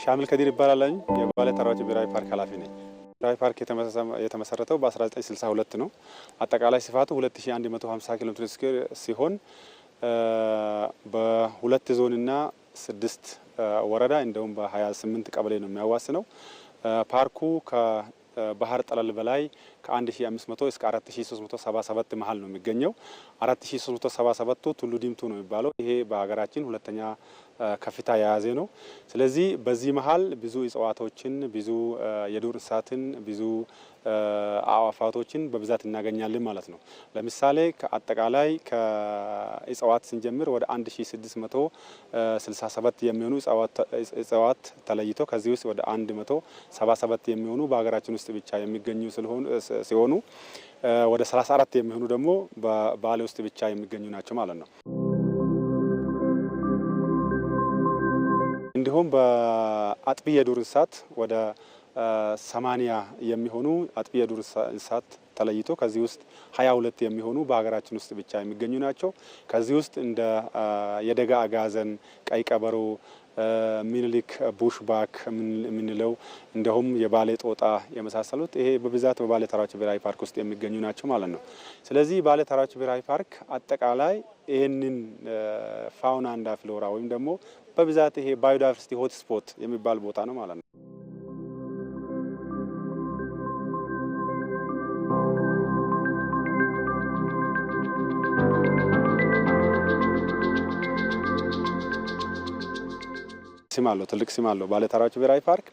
ሻምል ከዲር ይባላል። የባሌ ተራሮች ብሔራዊ ፓርክ ኃላፊ ነኝ። ብሔራዊ ፓርክ የተመሰረተው በ1962 ነው። አጠቃላይ ስፋቱ 2150 ኪሎ ሜትር ስኩዌር ሲሆን በሁለት ዞንና ስድስት ወረዳ እንደውም በ28 ቀበሌ ነው የሚያዋስ ነው ፓርኩ ከባህር ጠለል በላይ ከ1500 እስከ 4377 መሀል ነው የሚገኘው። 4377ቱ ቱሉ ዲምቱ ነው የሚባለው። ይሄ በሀገራችን ሁለተኛ ከፍታ የያዘ ነው። ስለዚህ በዚህ መሀል ብዙ እጽዋቶችን፣ ብዙ የዱር እንስሳትን፣ ብዙ አዋፋቶችን በብዛት እናገኛለን ማለት ነው። ለምሳሌ ከአጠቃላይ ከእጽዋት ስንጀምር ወደ 1667 የሚሆኑ እጽዋት ተለይቶ ከዚህ ውስጥ ወደ 177 የሚሆኑ በሀገራችን ውስጥ ብቻ የሚገኙ ሲሆኑ ወደ 34 የሚሆኑ ደግሞ በባሌ ውስጥ ብቻ የሚገኙ ናቸው ማለት ነው። እንዲሁም በአጥቢ የዱር እንስሳት ወደ ሰማኒያ የሚሆኑ አጥቢ የዱር እንስሳት ተለይቶ ከዚህ ውስጥ ሀያ ሁለት የሚሆኑ በሀገራችን ውስጥ ብቻ የሚገኙ ናቸው። ከዚህ ውስጥ እንደ የደጋ አጋዘን፣ ቀይ ቀበሮ ሚኒሊክ ቡሽ ባክ የምንለው እንዲሁም የባሌ ጦጣ የመሳሰሉት ይሄ በብዛት በባሌ ተራሮች ብሔራዊ ፓርክ ውስጥ የሚገኙ ናቸው ማለት ነው። ስለዚህ ባሌ ተራሮች ብሔራዊ ፓርክ አጠቃላይ ይህንን ፋውና እንዳ ፍሎራ ወይም ደግሞ በብዛት ይሄ ባዮዳይቨርሲቲ ሆትስፖት የሚባል ቦታ ነው ማለት ነው። ስም አለው፣ ትልቅ ስም አለው። ባለተራሮች ብሔራዊ ፓርክ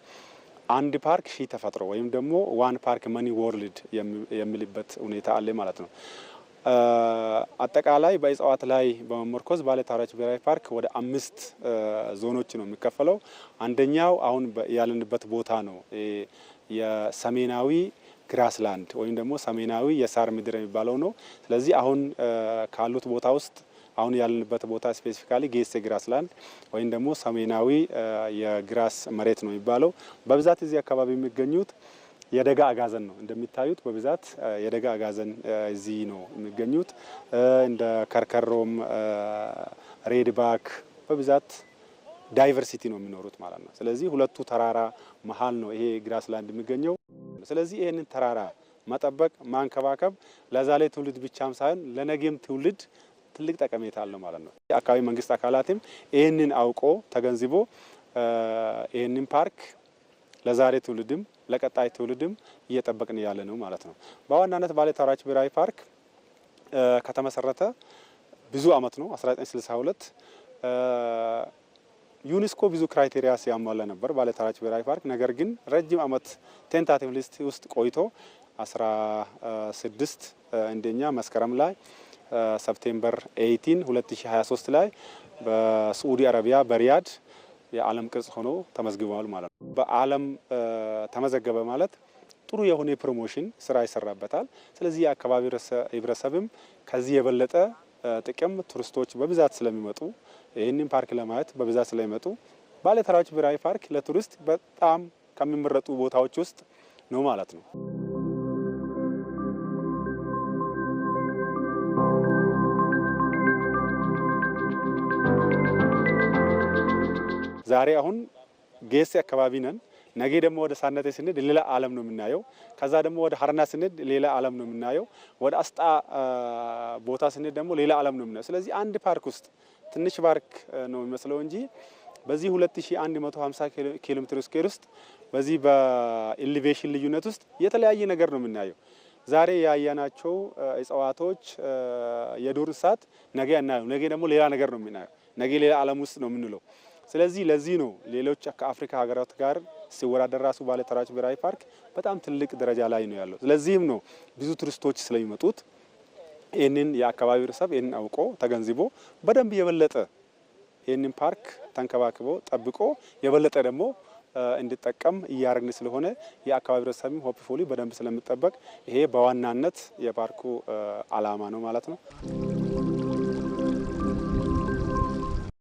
አንድ ፓርክ ሺህ ተፈጥሮ ወይም ደግሞ ዋን ፓርክ መኒ ወርልድ የሚልበት ሁኔታ አለ ማለት ነው። አጠቃላይ በእጽዋት ላይ በመመርኮዝ ባለተራሮች ብሔራዊ ፓርክ ወደ አምስት ዞኖች ነው የሚከፈለው። አንደኛው አሁን ያለንበት ቦታ ነው። የሰሜናዊ ግራስላንድ ወይም ደግሞ ሰሜናዊ የሳር ምድር የሚባለው ነው። ስለዚህ አሁን ካሉት ቦታ ውስጥ አሁን ያለንበት ቦታ ስፔሲፊካሊ ጌሴ ግራስ ላንድ ወይም ደግሞ ሰሜናዊ የግራስ መሬት ነው የሚባለው። በብዛት እዚህ አካባቢ የሚገኙት የደጋ አጋዘን ነው። እንደሚታዩት በብዛት የደጋ አጋዘን እዚህ ነው የሚገኙት። እንደ ከርከሮም፣ ሬድባክ በብዛት ዳይቨርሲቲ ነው የሚኖሩት ማለት ነው። ስለዚህ ሁለቱ ተራራ መሀል ነው ይሄ ግራስላንድ የሚገኘው። ስለዚህ ይህንን ተራራ መጠበቅ፣ ማንከባከብ ለዛሬ ትውልድ ብቻም ሳይሆን ለነገም ትውልድ ትልቅ ጠቀሜታ አለው ማለት ነው። የአካባቢ መንግስት አካላትም ይህንን አውቆ ተገንዝቦ ይህንን ፓርክ ለዛሬ ትውልድም ለቀጣይ ትውልድም እየጠበቅን ያለ ነው ማለት ነው። በዋናነት ባሌ ተራች ብሔራዊ ፓርክ ከተመሰረተ ብዙ አመት ነው 1962 ዩኒስኮ ብዙ ክራይቴሪያ ሲያሟላ ነበር ባሌ ተራች ብሔራዊ ፓርክ። ነገር ግን ረጅም አመት ቴንታቲቭ ሊስት ውስጥ ቆይቶ 16 እንደኛ መስከረም ላይ ሰፕቴምበር 18 2023 ላይ በሳዑዲ አረቢያ በሪያድ የዓለም ቅርጽ ሆኖ ተመዝግበዋል ማለት ነው። በዓለም ተመዘገበ ማለት ጥሩ የሆነ ፕሮሞሽን ስራ ይሰራበታል። ስለዚህ የአካባቢ ህብረተሰብም ከዚህ የበለጠ ጥቅም ቱሪስቶች በብዛት ስለሚመጡ ይህንን ፓርክ ለማየት በብዛት ስለሚመጡ ባሌ ተራሮች ብሔራዊ ፓርክ ለቱሪስት በጣም ከሚመረጡ ቦታዎች ውስጥ ነው ማለት ነው። ዛሬ አሁን ጌሴ አካባቢ ነን። ነገ ደግሞ ወደ ሳነቴ ስንሄድ ሌላ ዓለም ነው የምናየው። ከዛ ደግሞ ወደ ሀረና ስንሄድ ሌላ ዓለም ነው የምናየው። ወደ አስጣ ቦታ ስንሄድ ደግሞ ሌላ ዓለም ነው የምናየው። ስለዚህ አንድ ፓርክ ውስጥ ትንሽ ፓርክ ነው የሚመስለው እንጂ በዚህ 2150 ኪሎ ሜትር ስኩዌር ውስጥ በዚህ በኢሊቬሽን ልዩነት ውስጥ የተለያየ ነገር ነው የምናየው። ዛሬ ያያናቸው እጽዋቶች፣ የዱር እንስሳት ነገ አናየው። ነገ ደግሞ ሌላ ነገር ነው የምናየው። ነገ ሌላ ዓለም ውስጥ ነው የምንለው። ስለዚህ ለዚህ ነው ሌሎች ከአፍሪካ ሀገራት ጋር ሲወዳደር ራሱ ባሌ ተራሮች ብሔራዊ ፓርክ በጣም ትልቅ ደረጃ ላይ ነው ያለው። ስለዚህም ነው ብዙ ቱሪስቶች ስለሚመጡት ይህንን የአካባቢ ህብረተሰብ ይህንን አውቆ ተገንዝቦ በደንብ የበለጠ ይህንን ፓርክ ተንከባክቦ ጠብቆ የበለጠ ደግሞ እንዲጠቀም እያደረግን ስለሆነ የአካባቢ ህብረተሰብም ሆፕ በደንብ ስለምጠበቅ ይሄ በዋናነት የፓርኩ አላማ ነው ማለት ነው።